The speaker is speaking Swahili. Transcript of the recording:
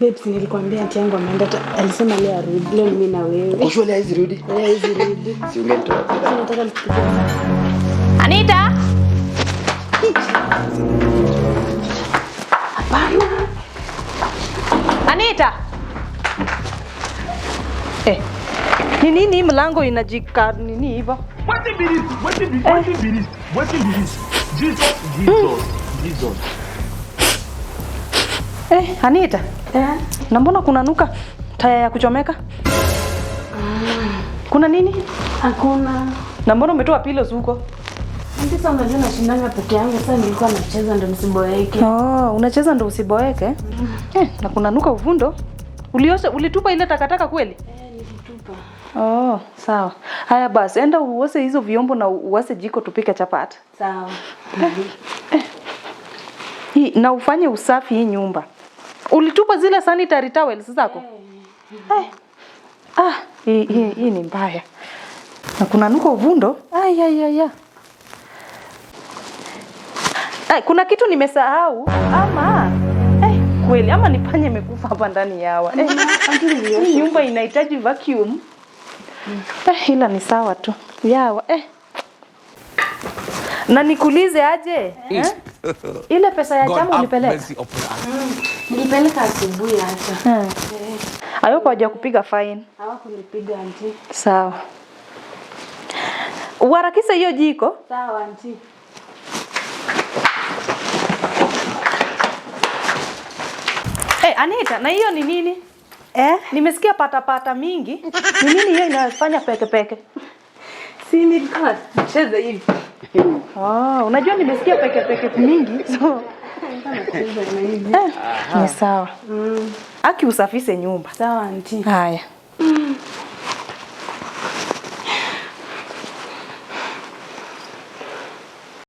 Babes, nilikwambia ati yangu ameenda, alisema leo arudi. Leo mimi na wewe. Kwa hizi rudi. hizi rudi. Si ungenitoa. Nataka nikupikie. Anita. Hapana. Anita. Eh. Ni nini mlango inajika nini hivyo? What is this? What is this? What is this? Jesus, Jesus, Jesus. Hey, eh, Anita. Yeah. Na mbona kuna nuka taya ya kuchomeka? Mm. Kuna nini? Hakuna. Na mbona umetoa pilos huko? Sasa unajua nashindana peke yangu, sasa nilikuwa nacheza ndo msiboeke. Oh, unacheza ndo usiboeke? Mm. Eh, na kuna nuka uvundo. Uliosha ulitupa ile takataka kweli? Eh, nilitupa. Oh, sawa. Haya basi, enda uose hizo vyombo na uwase jiko tupike chapati. Sawa. Eh, eh. Hii, na ufanye usafi hii nyumba. Ulitupa zile sanitary towels zako? Hey. Eh. Eh. Ah, hii hii ni mbaya. Na kuna nuko uvundo. Ai ai ai. Ai, eh, kuna kitu nimesahau ama kweli ama nipanye imekufa hapa ndani ya hawa. Eh, nyumba inahitaji vacuum. Eh, ila ni sawa tu. Yawa eh. Na nikulize aje? Eh? ile pesa ya jamu ulipeleka? Nilipeleka asubuhi hata. Hawapo eh. haja kupiga fine. Hawakunipiga anti. Sawa. Uharakisa hiyo jiko. Sawa anti. Hey, eh, Anita, na hiyo ni nini? Eh? Nimesikia patapata mingi. Ni nini hiyo inafanya peke peke? si nilikuwa hivi. Oh, unajua nimesikia peke peke mingi so eh, ni sawa. Mm. Aki usafise nyumba. Sawa, nti Haya. Mm.